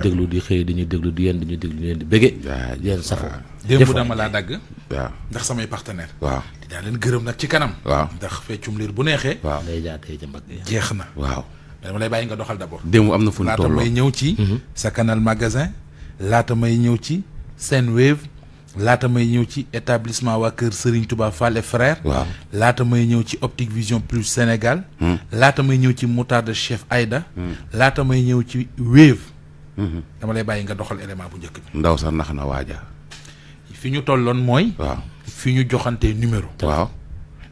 déglu di xëy di ñu déglu di yéen di ñu déglu di leen di bége. waaw di dama laa dagg. waaw ndax samay partenaire waaw dinaa leen gërëm nag ci kanam. waaw ndax feccum liir bu neexee. waaw day jaar tey jëmbat. jeex na waaw. dama lay bàyyi nga doxal d'abord. démb am na fu ñu tolloo laata may ñëw ci. Mhm. sa canal magasin. laata may ñëw ci Senwave. laata may ñëw ci établissement waa kër Serigne tubaa fale et frère. laata may ñëw ci Optique Vision Plus Sénégal. Mhm. laata may ñëw ci moutarde chef ayda mhm. laata may ñëw ci Wave. dama lay bàyyi nga doxal élément bu njëkk bi. ndaw sax nax na waaja. fi ñu tolloon mooy. waaw fi ñu joxante numéro. waaw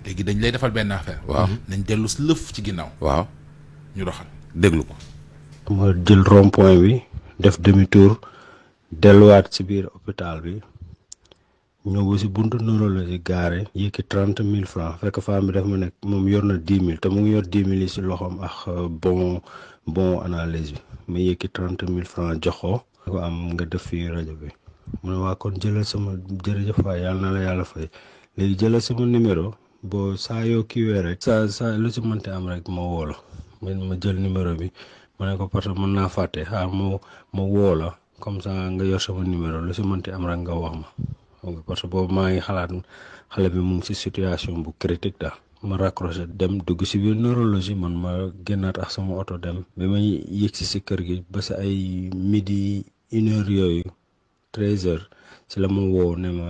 léegi dañ lay defal benn affaire. waaw mhm. nañ dellu si lëf ci ginnaaw. waaw ñu doxal déglu ko. ma jël rond point bi def demi delluwaat ci biir hôpital bi. ñëw ba si buntu neurologie gaare yëkki trente mille francs fekk femme bi daf ma nekk moom yor na dix mil te mu ngi yor dix mille yi si loxoom ak euh, bon bon analyse bi ma yëkki trente mille franc joxo ko nga def fii rajo bi mu ne waa kon jëlal sama jërëjëf waay yàlla na la yàlla fay léegi jëlal sama numéro boo saa yoo kiiwee rek saa saa lu ci mënti am rek ma woo ma jël numéro bi ma ne ko parce que mën naa fàtte xaar ah, ma ma woo comme ça nga yor sama numéro lu ci mënti am rek nga wax ma parce que boobu maa ngi xalaat xale bi mu si ci situation bu critique daal ma raccroché dem dugg si biir neurologie man ma génnaat ak sama oto dem bi may yëg si si kër gi ba si ay midi une yooyu treize heures si la ma woow ne ma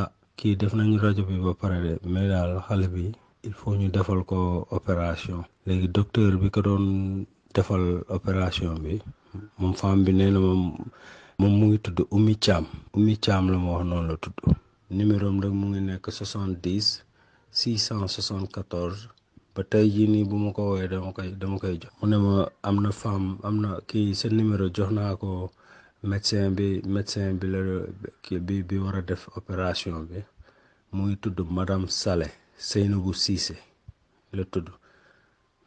ah kii def nañu rajo bi ba pare de mais daal xale bi il faut ñu defal ko opération léegi docteur bi ko doon defal opération bi moom femme bi nee na moom moom mu ngi tudd Oumy Thiam Oumy Thiam la ma wax noonu la tudd numéro am rek mu ngi nekk soixante-dix 674 ba tey jii nii bu ma ko woowee dama koy dama jox mu ne ma am na femme am na kii sa numéro jox naa ko médecin bi médecin bi la kii bi bi war a def opération bi mu ngi tudd madame Sale Seynabou Cissé la tudd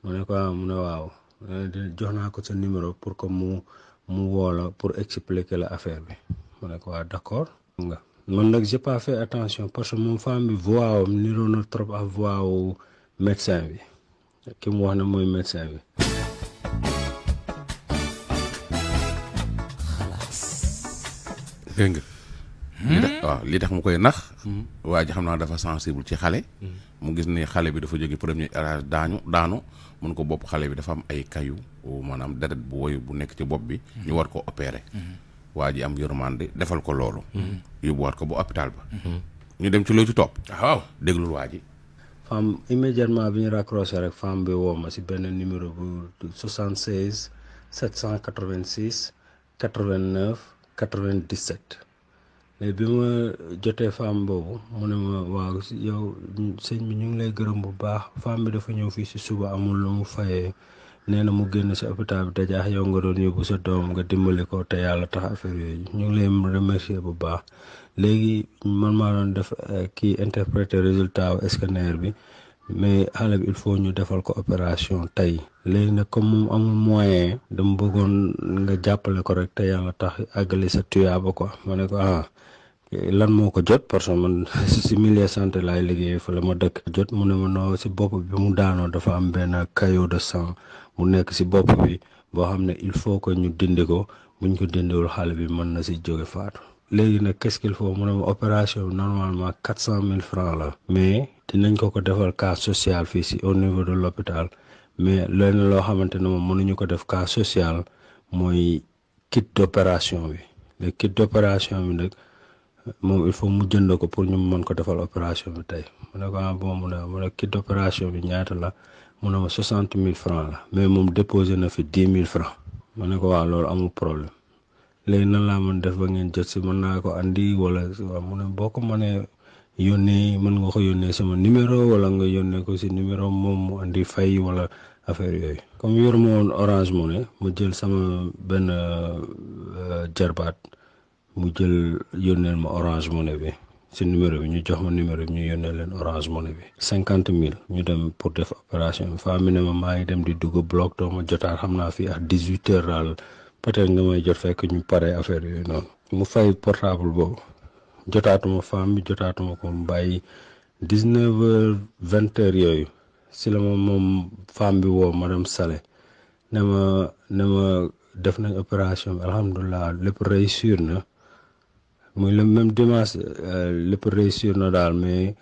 mu ne ko ah, mu ne waaw eh, jox naa ko sa numéro pour que mu mu woo la pour expliquer la affaire bi mu ne ko waaw ah, d'accord nga man nag j'ai pas fait attention parce que moom femme bi voix am niroo na trop ak voix médecin bi ki mu wax ne mooy médecin bi. xalaas. nga. li tax waaw li tax mu koy nax. waa ji xam naa dafa sensible ci xale. mu gis ni xale bi dafa jóge premier érage daañu daanu mën ko bopp xale bi dafa am ay kayu maanaam deret bu woyu bu nekk ci bopp bi. ñu war ko opérer. waa ji am yërmande defal ko loolu. Mhm. yóbbuwaat ko bu hôpital ba. Mhm. ñu dem ci loo ci topp. waaw déglul waa ji. femme immédiatement bi ñu raccroché rek femme bi woo ma si benn numéro bu 76 786 89 97. mais bi ma jotee femme boobu mu ne ma waaw yow sëñ bi ñu ngi lay gërëm bu baax femme bi dafa ñëw fii si suba amul lu mu fayee. nee na mu génn si hôpital bi dajaax yow nga doon yóbbu sa doomam nga dimbale ko te yàlla tax affaire yooyu ñu ngi lay remercier bu baax léegi man maa doon def eh, kii interpréter résultat wu scanner bi mais xale bi il faut ñu defal ko opération tey léegi nag comme moom amul moyen dama bëggoon nga jàppale ko rek te yàlla tax àggali sa tuyaaba quoi ma ne ko ah, lan moo ko jot parce que man si milieu santé laay liggéey fa la ma dëkk jot mu ne ma noo si bopp bi mu daanoo dafa am benn caillot de sang mu nekk si bopp bi boo xam ne il faut que ñu dindi ko buñ ko dindiwul xale bi mën na si jóge faatu léegi nag qu'est-ce qu'il faut mu ne ma opération bi normalement quatre cent mille francs la mais dinañ ko ko defal cas social fii si au niveau de l'hôpital mais lenn loo xamante ne moom nañu ko def cas sociale mooy kit d'opération bi le kit d'opération bi nag moom il faut mu jëndoo ko pour ñu mën ko defal opération bi tey mu ne ko ah bon mu ne mu ne kit opération bi ñaata la mu ne ma soixante mille franc la mais moom déposé na fi dix mille franc mu ne ko waaw loolu amul problème léegi nan laa mën def ba ngeen jot si mën naa ko andi wala waaw mu ne boo ko mënee yónnee mën nga ko yónnee sama numéro wala nga yónnee ko si numéro moom mu andi fay wala affaire yooyu comme yor ma woon orange mu ne mu jël sama benn euh, jarbaat uh, mu jël yónneel ma orange money bi si numéro bi ñu jox ma numéro bi ñu yónnee leen orange money bi cinquante mille ñu dem pour def opération bi femme bi ne ma maa ngi dem di dugg bloc ma jotaat xam naa fii ak dix huit heures daal peut jot fekk ñu pare affaire yooyu noonu. mu fay portable boobu jotaatuma femme bi jotaatuma ko mu bàyyi dix yooyu si la ma moom femme bi woo madame Sale ne ma ne ma def nañ opération bi alhamdulilah lépp réussir na. muy le même dimanche euh, lépp réussir na daal mais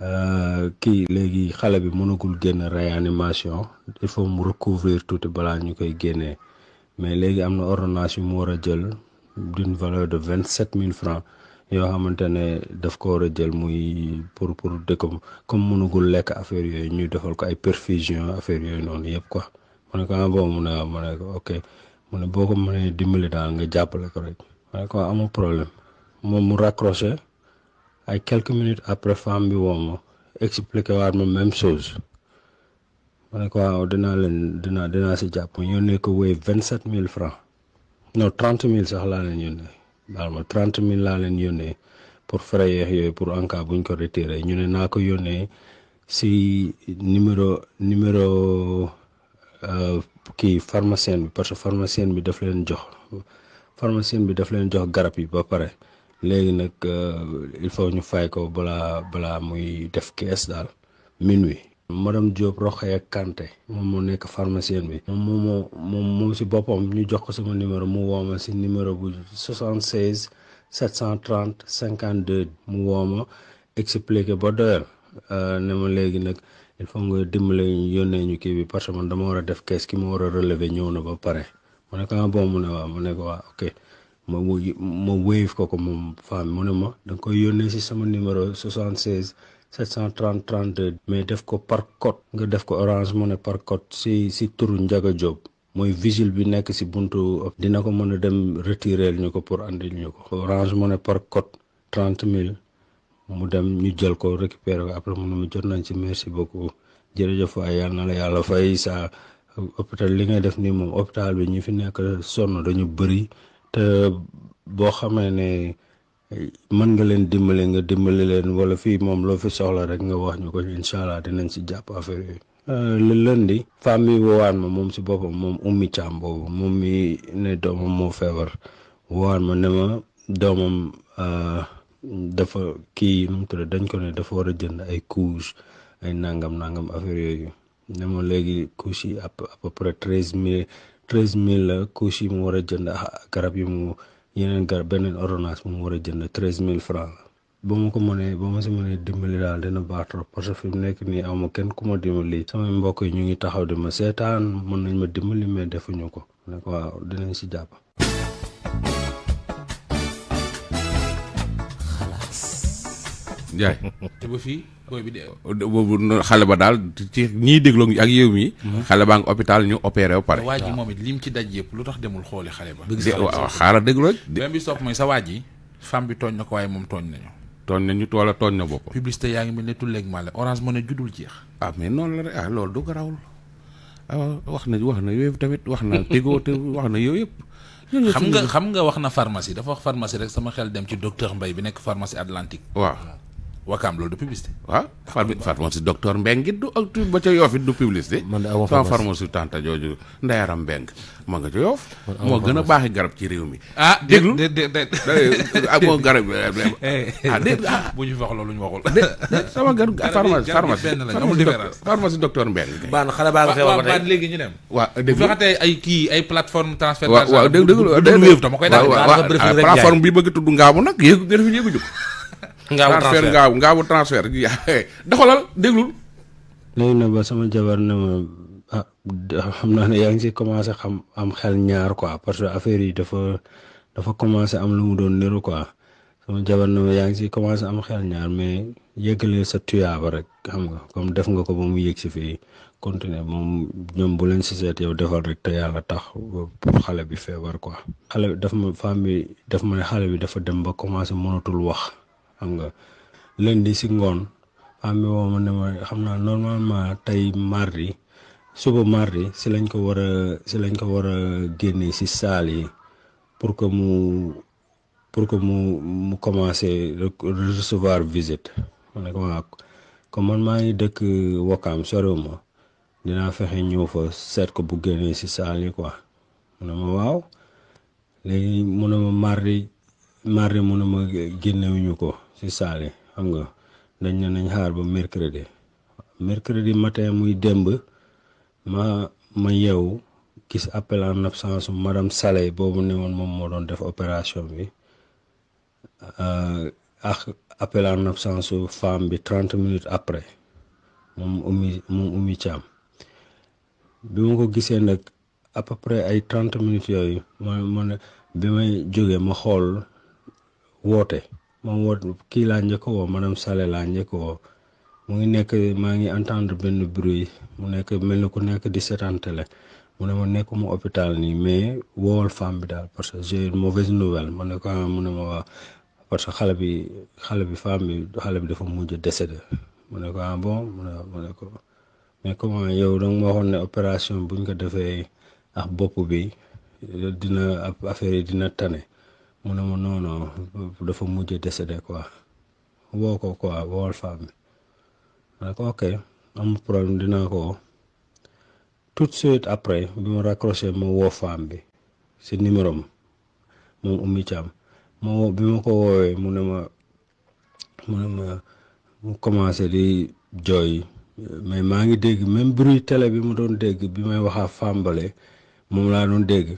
euh, kii léegi xale bi mënagul génn réanimation il faut mu recouvrir tuuti balaa ñu koy génnee mais léegi am na ordonnance mu war a jël d'une valeur de vingt sept mille francs yoo xamante ne def ko war a jël muy pour pour dëkkam comme mënagul lekk affaire yooyu ñuy defal ko ay perfusion affaire yooyu noonu yëpp ko ah bon mu ne ma ne ko ok boo ko mënee dimbali daal nga jàppale ko rek problème moom mu raccroché ay quelques minutes après femme bi woo ma expliqué waat ma même chose ma ne ko waaw dinaa leen dinaa dinaa si jàpp yónnee ko wéy vingt sept mille francs no trente mille sax laa leen yónnee daal ma trente mille laa leen yónnee pour frais yooyu pour en cas buñ ko retiré ñu ne naa ko yónnee si numéro numéro euh, kii pharmacien bi parce que pharmacien bi daf leen jox pharmacien bi daf leen jox garab yi ba pare léegi nag euh, il faut ñu fay ko balaa balaa muy def kees daal minuit madame Diop Rokhaya Kanté moom moo nekk pharmacienne bi moom moom si boppam ñu jox ko sama numéro mu wooma si numéro bu 76 730 52 mu wooma expliqué ba doyal euh, ne ma léegi nag il faut nga dimbale ñu yónnee ñu kii bi parce que man dama war a def kees ki ma war a relever ñëw na ba pare mu ne ko ah ne waaw mu ne ko ok moo ma wéyif ko ko moom femme mu ne ma da nga koy yónnee si sama numéro 76 730 32 mais def ko par code nga def ko orange mu ne par cote si si turu Ndiaga Diop mooy vigile bi nekk si buntu dina ko mën a dem retireel ñu ko pour andil ñu ko orange mu ne par cote 30 000 mu dem ñu jël ko récupérer ko après mu ne jot nañ ci merci beaucoup jërëjëf waay yàlla na la yàlla fay saa hôpital li ngay def nii moom hôpital bi ñu fi nekk sonn dañu bëri te boo xamee ne man nga leen dimbale nga dimbale leen wala fii moom loo fi soxla rek nga wax ñu ko incha allah dinañ si jàpp affaire yooyu. Euh, le lundi femme yi woowaan ma moom si boppam moom ummi caam boobu moom mi ne doomam moo feebar woowaan ma ne ma doomam euh, dafa kii nu mu tudd dañ ko dafa war a jënd ay couche ay nangam nangam affaire yooyu ne ma léegi couche yi à peu treize mille couches yi mu war a jënd garab yi mu yeneen beneen ordonnance bu mu war a jënd treize mille franc boo mu ma ko mënee ba ma si mënee dimbali daal dina baax trop fi mu nekk nii aw ma kenn ku ma dimbali samay mbokk yi ñu ngi taxaw di ma seetaan mën nañ ma dimbali mais defuñu ko ne waaw dinañ si jàpp. Njaay. booy bi de xale ba daal ci ñiy dégloo ak yow mi xale baa ngi hôpital ñu opéré ba pare. waa ji moom li mu ci daj yëpp lu tax demul xooli xale ba. waaw xaaral déglu rek. benn bi sopp mooy sa waa ji femme bi tooñ na ko waaye moom tooñ nañu. tooñ nañu wala tooñ na bopp. publicité yaa ngi mel ne tulleeg male orange mën a judul jeex. ah mais noonu la rek ah loolu du garawul ah wax na wax na yooyu tamit wax na tegoo te wax na yooyu yëpp. xam nga xam nga wax na pharmacie dafa wax pharmacie rek sama xel dem ci docteur mbay bi nekk pharmacie Atlantique. waaw wakam lo du publicité waaw pharmacie docteur Mbeng du ak ba ca yoof du publicité sama pharmacie tanta jooju ndayaram Mbeng ma nga ca yof mo gëna garab ci rew mi ah déglu de de de mo garab ah dé bu ñu wax loolu ñu waxul sama garab pharmacie pharmacie pharmacie docteur Mbeng ban xala ba nga fee wax baan léegi ñu dem waaw déglu waxatee ay ki ay plateforme transfert waaw déglu déglu déglu wéew dama plateforme bi bëgg tuddu nak gëna fi juk ngaawu transfert ngaawu ngaawu transfert eh, doxalal déglul. léegi na ba sama jabar na ma ah, xam naa ne yaa ngi si commencé xam am xel ñaar quoi parce que affaire yi dafa dafa commencé am lu mu doon niru quoi sama jabar yaa ngi si commencé am xel ñaar mais yëgale sa tuyaaba rek xam nga comme def nga ko ba mu yëg si fii continuer moom ñoom bu leen si seet yow defal rek te yàlla tax xale bi feebar ko xale bi daf ma femme bi daf ma ne xale bi dafa dem ba commencé mënatul wax. xam nga lundi si ngoon famille woo ma ne ma xam naa normalement tey mardi suba mardi si lañ ko war a lañ ko war a génne si saal yi pour que mu pour que mu mu commencé recevoir visite ma ne ko waa man maa ngi dëkk Wakaam soriwuma dinaa fexe ñëw fa ko bu génne si saal yi quoi mu ne ma waaw mu ne ma mardi mardi mu ne ma génnewuñu ko si saali xam nga dañ ne nañ xaar ba mercredi mercredi matin muy démb ma ma yeewu gis appel en absence madame Saleh boobu ne moom moo doon def opération bi euh, ak appel en absence su femme bi trente minutes après moom umi moom umi caam bi ma ko gisee nag app peu près ay trente minutes yooyu ma ma bi may jógee ma xool woote moom woot kii laa njëkk woo madame Sallé laa njëkk woo mu ngi nekk maa ngi entendre benn bruit mu nekk mel ni ku nekk di seetaan télé mu ne ma mu hôpital nii mais woowal femme bi daal parce que j'ai une mauvaise nouvelle ma ne ko ah, mu ne ma waa parce que xale bi xale bi femme bi xale bi dafa mujj décédé mu ne ko ah bon mu ne mu ne ko mais comment yow danga ma waxoon ne opération buñ ko defee a bopp bi dina affaire yi dina tane mu ne ma non non dafa mujj décédé quoi woo ko quoi wool femme bi ma ne ko ok amul problème ko woo tout de suite après bi ma raccroché ma woo femme bi si numéro am moom Oumy Thiam bi ma ko woowee mu ne ma mu ne commencé di jooy mais maa ngi dégg même bruit télé bi ma doon dégg bi may wax a fàmbale moom laa doon dégg.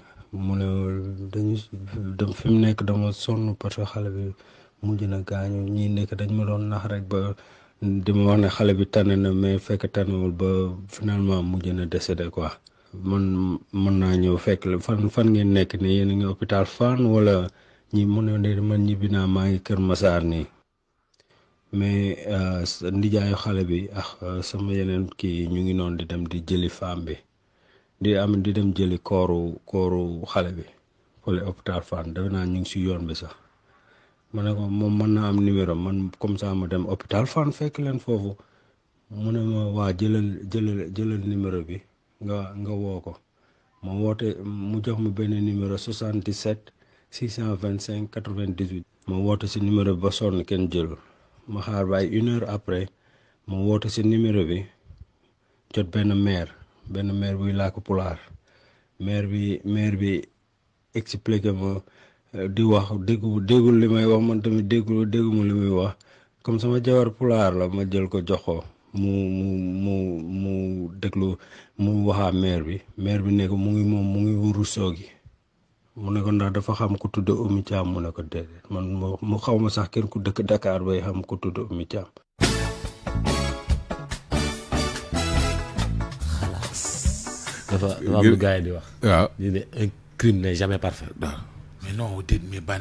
mu ne dañu dem fi mu nekk dama sonn parce que xale bi mujj na gaañu ñii nekk dañ ma doon nax rek ba dama wax ne xale bi tànn na mais fekk tànnewul ba finalement mujj na décédé quoi man mën naa ñëw fekk la fan fan ngeen nekk ne yéen a ngi hôpital fan wala ñi mu ne ne man ñibbi naa maa ngi Kër Masaar nii mais euh, ndijaayu xale bi ak sama yeneen kii ñu ngi noonu di dem di jëli femme bi di am di dem jëli kooru kooru xale bi fële hôpital Fann defe naa ñu ngi si yoon bi sax ma ne ko moom mën naa am numéro man comme ça ma dem hôpital Fann fekk leen foofu mu ne ma waa jëlal jëlal numéro bi nga nga woo ko ma woote mu jox ma benn numéro 77 625 98. ma woote si numéro bi ba sonn kenn jëlul ma xaar ba ay une heure après ma woote si numéro bi jot benn maire. benn maire buy làkk pulaar maire bi maire bi expliqué ma euh, di wax déggu déggul li may wax man tamit déggu dégguma li muy wax comme sama jabar pulaar la ma jël ko jox ko mu mu mu mu déglu mu waxaa maire bi maire bi ne mu ngi moom mu ngi wuru soogi mu ne ko ndax dafa xam ku tudd Oumy Thiam mu ne ko déedéet man mu xaw ma sax kenn ku dëkk dakaar bay xam ku tudd Oumy Thiam dafa dafa am lu gars wax. waaw ñu ne un crime n'est jamais parfait.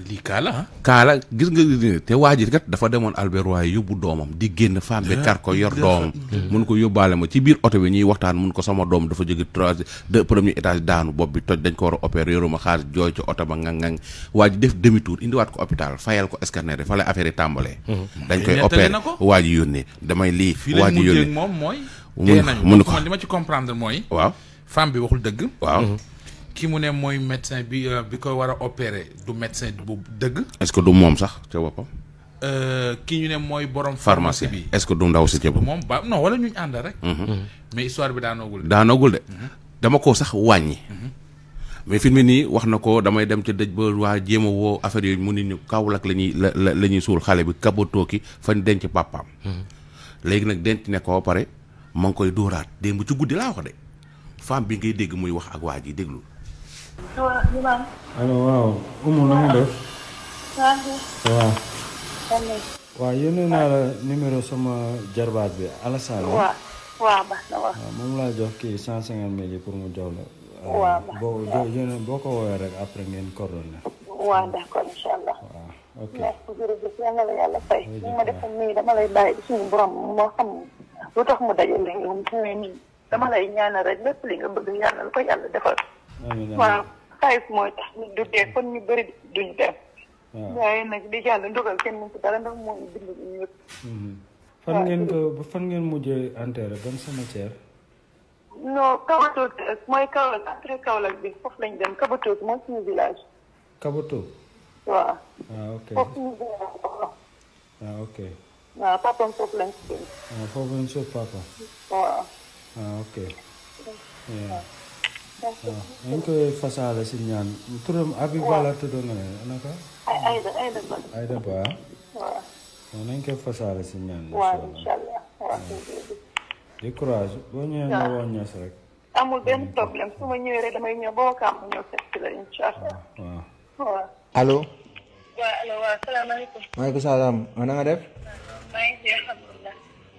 lii kaa kaa gis nga te waa ji kat dafa demoon Albert waaye yóbbu doomam di génn femme bi ah, kar ko yor doomam. mun ko yóbbaale ma ci biir oto bi ñuy waxtaan mun ko sama doom dafa jóge trois de premier étage daanu bopp bi toj dañ ko war a opérer yoruma xaalis jooy ci oto ba ngang-ngang waa ji def demi indiwaat ko hôpital fayal ko scanner fala la affaire yi tàmbalee. Mhm. dañ koy opérer waa ji yónnee damay lii. waa ji yónnee fii moom mooy. mun ko man li ma ci comprendre mooy. waaw femme bi waxul dëgg. waaw mhm. ki mu ne mooy médecin bi euh, bi ko war a opérer du médecin bu dëgg. est-ce que du moom sax ca boppam. Euh, ki ñu ne mooy borom. pharmacie bi est-ce que du ndaw si ca boppam. moom ba non wala ñu ànd rek. Mhm. Mhm. mais histoire bi daanoogul de. daanoogul de dama ko sax wàññi. mais fi mu nii wax na ko damay dem ca dëj ba waa jéem a woo affaire yooyu mu ne ñu Kaolack la ñuy la la ñuy suul xale bi kabatoo ki fañ denc papaam. léegi nag denc ne ko pare ma ngi koy dóoraat démb ci guddi laa wax de. fam bi ngay dégg muy wax ak waa ji déglu allo waaw umu na nga def waaw waaw yónnee la numéro sama jarbaat bi sa waaw waaw baax na waaw mom la jox ki 150 cinquante pour mu jox waaw euh, boo yónnee boo rek après ngeen coordonné waaw d'accord incha allah ok merci jërëjëf yàlla la yàlla ma dama lay borom xam ngi dama lay ñaanal rek lépp li nga bëgg yàlla ko yàlla defal waaw xaalis mooy tax nit du kon ñu bëri duñ dem waaye nag di yàlla ndogal kenn mu ko dara ndax moo ñu bind ñu yëpp fan ngeen ko fan ngeen mujjee enterré ban cimetière non kabato mooy kawlak après kawlak bi foofu lañ dem kabato mooy suñu village kabato waaw waaw ok foofu ok waaw foofu lañ foofu lañ papa waaw Ah, okay. Yeah. Ah, en koy sih si Turun api bala la dong nga ne naka Aida Aida Ba Aida Ba waaw nañ koy fasale si ñaan waaw inshallah waaw di courage boo ñëwee nga woo ñas rek amul benn problème su ma ñëwee rek damay ñëw ba wakam ñëw seet si la inshallah waaw allo waaw allo waaw nga def ngi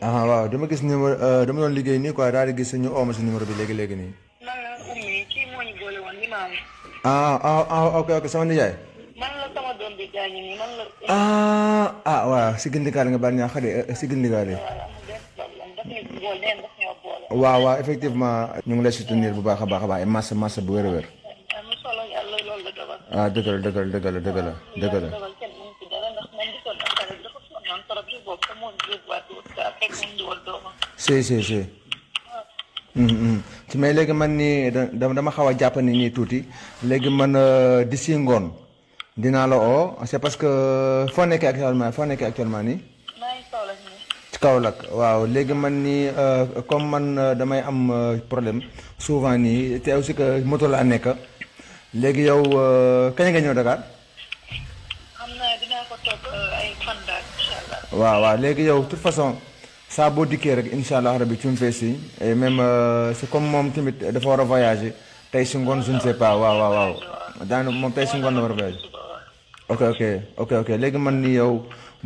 ah waaw dama gis numéro euh, dama doon liggéey nii quoi daal di gis ñu ooma si numéro bi léegi léegi nii. man la Oumy kii moo ñu ah, ah ah ok ok sama nijaay. Ah, ah waaw si gindikaale nga baal eh, ñu àq de si gindikaale. waaw waaw effectivement. ñu ngi lay soutenir bu baax a baax a baax massa massa bu wér wér. ah dëgg la dëgg si si si ci mm, mm. mais léegi man nii dama xaw a jàpp ni nii tuuti léegi man euh, di si ngoon dinaa la oo c'est parce que euh, foo nekkee actuellement foo nekkee actuellement nii ci Kaolack waaw léegi man nii euh, comme man damay am problème souvent nii te aussi que moto laa nekk léegi yow kañ nga ñëw Dakar waaw léegi yow toute façon saa boo dikkee rek incha allah rabi suñu fee si et même euh, c'est comme moom tamit dafa war a voyager tey si ngoon je ne sais pas waaw waaw waaw moom tey si ngoon la war a voyager. ok ok ok ok léegi man ni yow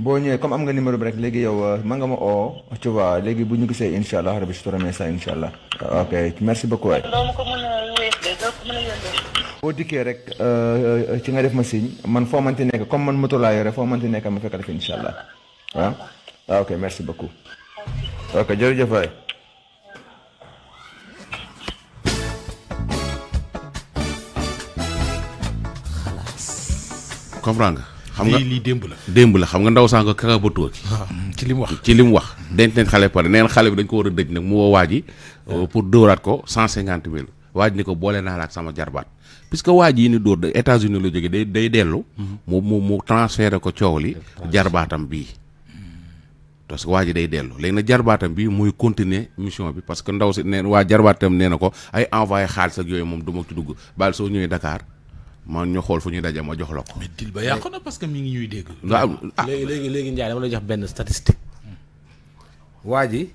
boo ñëwee comme am nga numéro bi rek léegi yow euh, mën ma oo tu léegi bu ñu gisee incha allah rabi su toramee merci beaucoup dikkee rek euh, ci nga def ma signe man foo mënti nekk comme man moto laa yore foo mënti nekk ma fekk ah, merci beaucoup. ok jërëjëf waay. xam nga lii lii la. démb la xam nga ndaw sànq kakabatoo ki ah, ci li mu wax ci li mu wax. denc nañ xale xale bi dañ ko war a dëj nag ji euh, pour dóoraat ko cent cinquante mille waa ji ko boole naa sama jarbaat puisque waa ji ni dóor de États-Unis la jóge day day dellu. Mm-hmm. mu mu mu ko coow li. jarbaatam bii. parce que waa ji day dellu léegi nag jarbaatam bi muy continuer mission bi parce que ndaw si nee waa jarbaatam nee na ko ay envoyé xaalis ak yooyu moom du ma ci dugg baal soo ñëwee Dakar man ñu xool fu ñuy daje ma jox la ko. mais ba yàqu na que mi ngi ñuy dégg. waaw ah léegi léegi léegi Ndiaye dama lay jox benn statistique. waa ji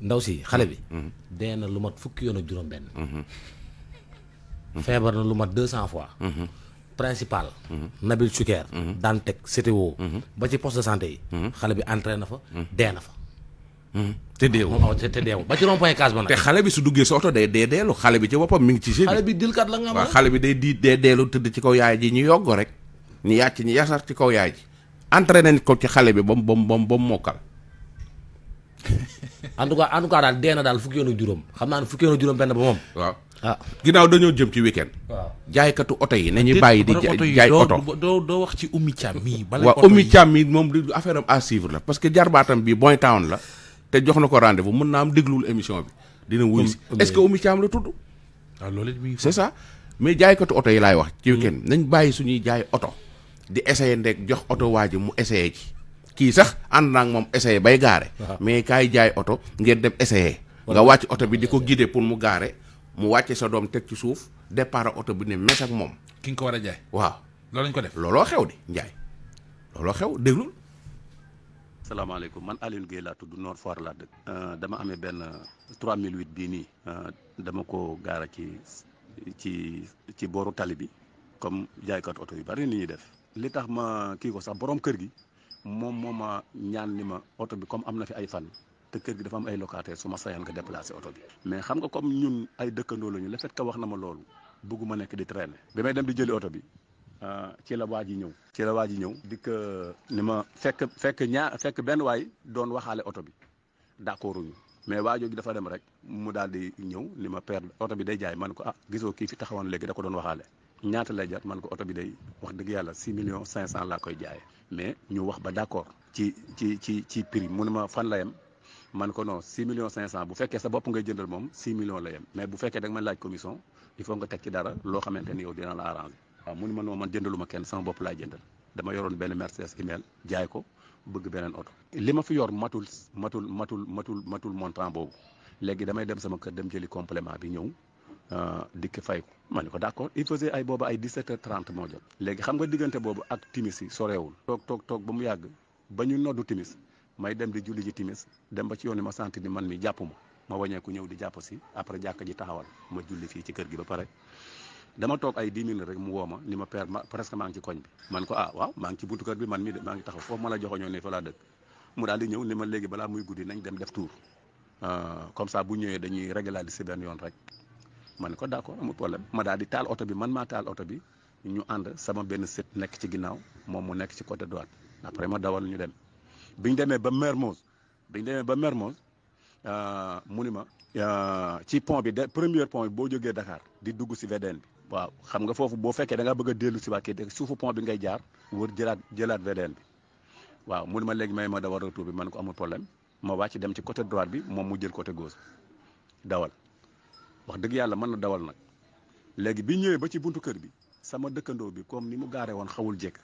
ndaw si xale bi. Mm-hmm. dee na lu mat fukki yoon ak juróom-benn. Mm-hmm. feebar na lu mat deux cent fois. Mm-hmm. principal. Mhm. Nabil Choucair. daan teg CTO. ba ci poste de santé yi. Mhm. xale bi entraîné na fa. Mhm. dee na fa. te deewul moom te deewul ba ci rond point Casamance. te xale bi su duggee sa oto day dee deelu xale bi ci boppam mu ngi ci. génn xale bi dilkat la nga am waaw xale bi day di dee deelu tëdd ci kaw yaay ji ñu yoggo rek. ñu yàcc ñu yasar ci kaw yaay ji. entraîné ko ci xale bi ba mu ba mu ba mu mokkal. en tout cas en tout daal dee na daal fukki yoon ak juróom xam naa ne fukki yoon juróom benn ba ah ginnaaw dañoo jëm ci weekend. waaw jaaykatu oto yi nañu bàyyi di jaay oto doo doo wax ci Oumy Thiam mii. bala waaw Oumy Thiam mii moom du affaire am à la parce que jarbaatam bi Boy Town la te jox na ko rendez-vous mën naa am déglul émission bi dina wuyu que Oumy Thiam la tudd. waaw ah, loolu it mais jaaykatu oto yi laay wax. ci hmm. weekend nañ bàyyi suñuy jaay oto. di essayer ndek jox oto waa ji mu essayer ci kii sax ànd naa moom essayer bay gaare. mais kaay jaay oto ngeen dem essayer. nga wàcc oto bi di ko guider pour mu gaare mu wacce sa dom tek ci souf départ mom. bi ne mes ak mom ki nga ko wara a jaay. waaw loolu lañ ko def. xew di xew salaamaaleykum man alin Guèye laa tudd Nord Foire laa dëkk. Euh, dama amee benn 3008 euh, bii nii. Euh, dama ko gaara ci ci ci booru tali bi comme jaaykat oto yu bari ni ñuy def. li tax ma kii ko sax borom kër gi moom moo ma ñaan ni ma oto bi comme am fi ay fan. te kër gi dafa am ay locataire su ma sañoon nga déplacé oto bi mais xam nga comme ñun ay dëkkandoo lañu le fait que wax na ma loolu bëgguma nekk di traîner bi may dem di jëli oto bi euh, ci la waa ji ñëw ci la waa ji ñëw di ko ni ma fekk fekk ñaar fekk benn waay doon waxaale oto bi d'accord ñu mais waa jooju dafa dem rek mu daal di ñëw ni ma perdre oto bi day jaay man ko ah gisoo kii fi taxawoon léegi da ko doon waxaale ñaata lay jar man ko oto bi day wax dëgg yàlla 6 millions 500 laa koy jaayee mais ñu wax ba d'accord ci ci ci ci prix mu ne fan la yem man ko non 6 millions 500 bu fekkee sa bopp ngay jëndal moom 6 millions la yem mais bu fekkee da nga ma laaj commission il faut nga teg ci dara loo xamante ni yow dina la arrangé waaw mu ne ma non man jëndaluma kenn sama bopp laa jëndal dama yoroon benn Mercedes email jaay ko bëgg beneen oto. li ma fi yor matul matul matul matul matul montant boobu léegi damay dem sama kër dem jëli complément bi ñëw. Euh, dikk fay ko ma ne ko d' accord il faisait ay boobu ay 17 heures 30 moo jot léegi xam nga diggante boobu ak timis yi soreewul toog toog toog ba mu yàgg ba ñu noddu timis may dem di julli ji timis dem ba ci yoni ma sant ni man mi jappuma ma wagne wàññeeku ñew di japp ci après jakk ji taxawal ma julli fi ci kër gi ba paré dama tok ay 10 minutes rek mu woma ma ni ma père presque ma ngi ci koñ bi man ko ah waaw ma ngi ci buntu kër bi man mi de ngi taxaw foofu ma la joxoñoo ne fa la dëkk mu dal di ñew ni ma légui bala muy guddi nañ dem def tour euh, comme ça bu ñewé dañuy régler ci ben yoon rek ma ko d'accord amu problème ma dal di taal auto bi man ma taal auto bi ñu and sama ben set nek ci ginnaw mom mu nek ci côté droite après ma dawal ñu dem bi ñu demee ba Mermoz bi ñu demee ba Mermoz euh, mu ni ma. Euh, ci pont bi de premier pont boo jógee dakaar di dugg si VDN bi. waaw xam nga foofu boo fekkee da ngaa bëgg dellu si waa kii suufu pont bi ngay jaar wër jëlaat jëlaat VDN bi waaw mu ni ma léegi may ma dawal retour bi man ko amul problème ma wàcc dem ci côté droite bi moom mu jël côté gauche dawal wax dëgg yàlla mën na dawal nag léegi bi ñëwee ba ci buntu kër bi sama dëkkandoo bi comme ni mu gaaree woon xawul jekk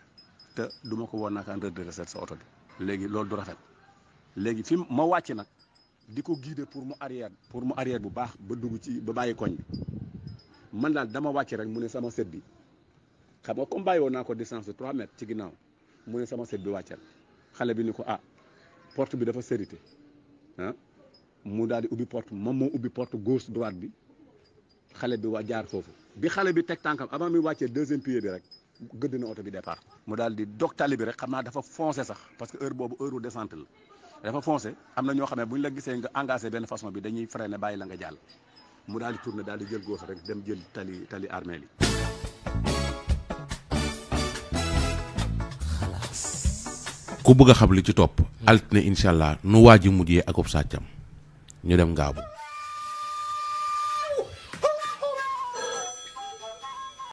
te du ma ko woon naakaan redresser sa oto bi léegi loolu du rafet léegi fi ma wàcc nag di ko guider pour mu arrière pour mu arrière bu baax ba dugg ci ba bàyyi koñ bi man daal dama wàcc rek mu ne sama set bi xam nga comme bàyyi woon naa ko distance de 3 mètres ci ginnaaw mu ne sama set bi wàccal xale bi ni ko ah port bi dafa sérité ah mu daal di ubbi porte moom moo ubbi port gauche droite bi xale bi waa jaar foofu bi xale bi teg tànkam avant muy wàccee deuxième pied bi rek. gëdd na oto bi départ mu daal di dog tali bi rek xam naa dafa foncé sax parce que heure boobu heure descente la dafa foncé am na ñoo xam ne bu ñu la gisee nga engagé benn façon bi dañuy freiné bàyyi la nga jàll mu daal di tourné daal di jël góos rek dem jël tali tali armée yi ku bëgg a xam li ci topp altine incha allah nu waa ji mujjee akub sàccam ñu dem ngaaw